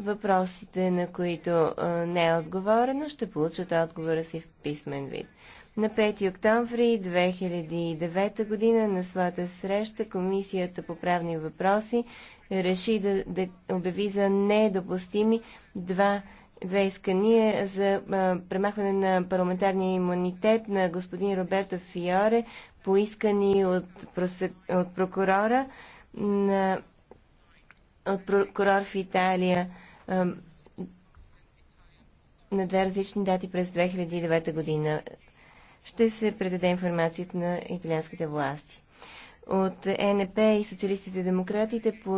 Въпросите, на които не е отговорено, ще получат отговора си в писмен вид. На 5 октомври 2009 година на своята среща Комисията по правни въпроси реши да, да обяви за недопустими два, две искания за а, премахване на парламентарния имунитет на господин Роберто Фиоре, поискани от, от прокурора на, от прокурор в Италия на две различни дати през 2009 година ще се предаде информацията на италианските власти. От ЕНП и социалистите демократите по